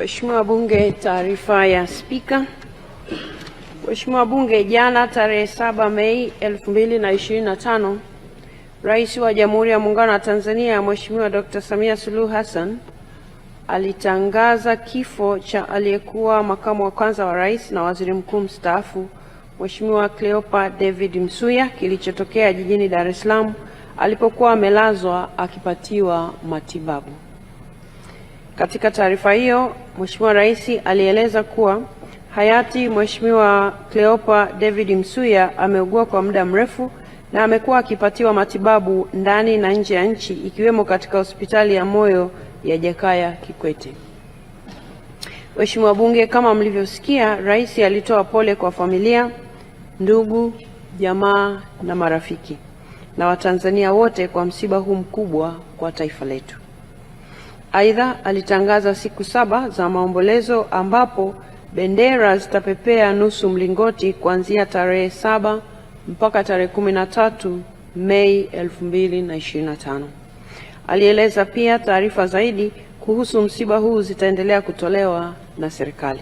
Mheshimiwa Bunge, taarifa ya Spika. Mheshimiwa Bunge, jana tarehe 7 Mei 2025, Rais wa Jamhuri ya Muungano wa Tanzania Mheshimiwa Dr. Samia Suluhu Hassan alitangaza kifo cha aliyekuwa makamu wa kwanza wa Rais na Waziri Mkuu mstaafu Mheshimiwa Cleopa David Msuya kilichotokea jijini Dar es Salaam alipokuwa amelazwa akipatiwa matibabu. Katika taarifa hiyo, Mheshimiwa Rais alieleza kuwa hayati Mheshimiwa Cleopa David Msuya ameugua kwa muda mrefu na amekuwa akipatiwa matibabu ndani na nje ya nchi ikiwemo katika hospitali ya moyo ya Jakaya Kikwete. Mheshimiwa Bunge, kama mlivyosikia, Rais alitoa pole kwa familia, ndugu, jamaa na marafiki na Watanzania wote kwa msiba huu mkubwa kwa taifa letu. Aidha, alitangaza siku saba za maombolezo ambapo bendera zitapepea nusu mlingoti kuanzia tarehe saba mpaka tarehe kumi na tatu Mei 2025. Alieleza pia taarifa zaidi kuhusu msiba huu zitaendelea kutolewa na serikali.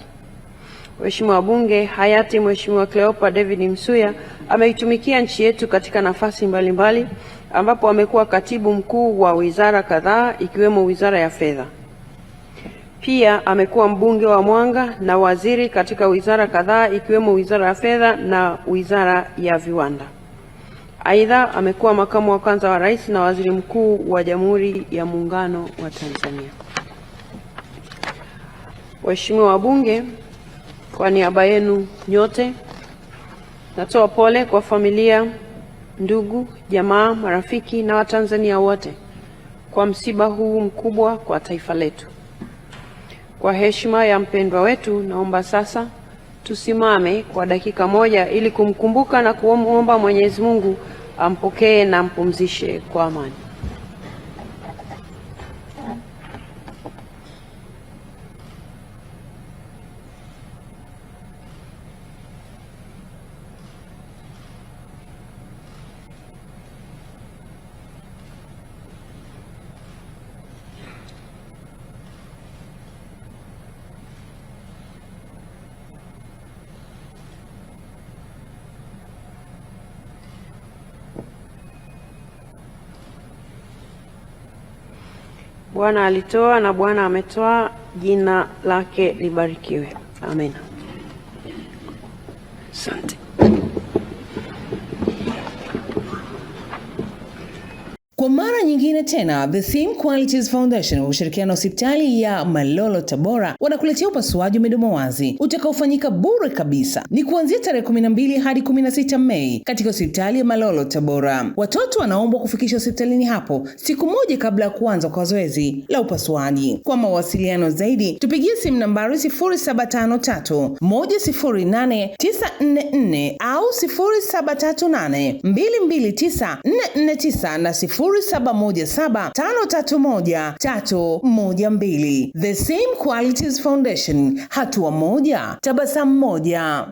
Waheshimiwa wabunge, hayati Mheshimiwa Cleopa David Msuya Ameitumikia nchi yetu katika nafasi mbalimbali mbali, ambapo amekuwa katibu mkuu wa wizara kadhaa ikiwemo Wizara ya Fedha. Pia amekuwa mbunge wa Mwanga na waziri katika wizara kadhaa ikiwemo Wizara ya Fedha na Wizara ya Viwanda. Aidha, amekuwa makamu wa kwanza wa rais na waziri mkuu wa Jamhuri ya Muungano wa Tanzania. Waheshimiwa wabunge, kwa niaba yenu nyote Natoa pole kwa familia, ndugu, jamaa, marafiki na Watanzania wote kwa msiba huu mkubwa kwa taifa letu. Kwa heshima ya mpendwa wetu, naomba sasa tusimame kwa dakika moja ili kumkumbuka na kumwomba Mwenyezi Mungu ampokee na ampumzishe kwa amani. Bwana alitoa na Bwana ametoa, jina lake libarikiwe. Amina. Asante. Kwa mara nyingine tena The Theme Qualities Foundation kwa ushirikiano na hospitali ya Malolo Tabora wanakuletea upasuaji midomo wazi utakaofanyika bure kabisa. Ni kuanzia tarehe 12 hadi 16 Mei katika hospitali ya Malolo Tabora. Watoto wanaombwa kufikisha hospitalini hapo siku moja kabla ya kuanza kwa zoezi la upasuaji. Kwa mawasiliano zaidi tupigie simu nambari 0753 au 0738 na 0 0717531312. The Same Qualities Foundation, hatua moja tabasamu moja.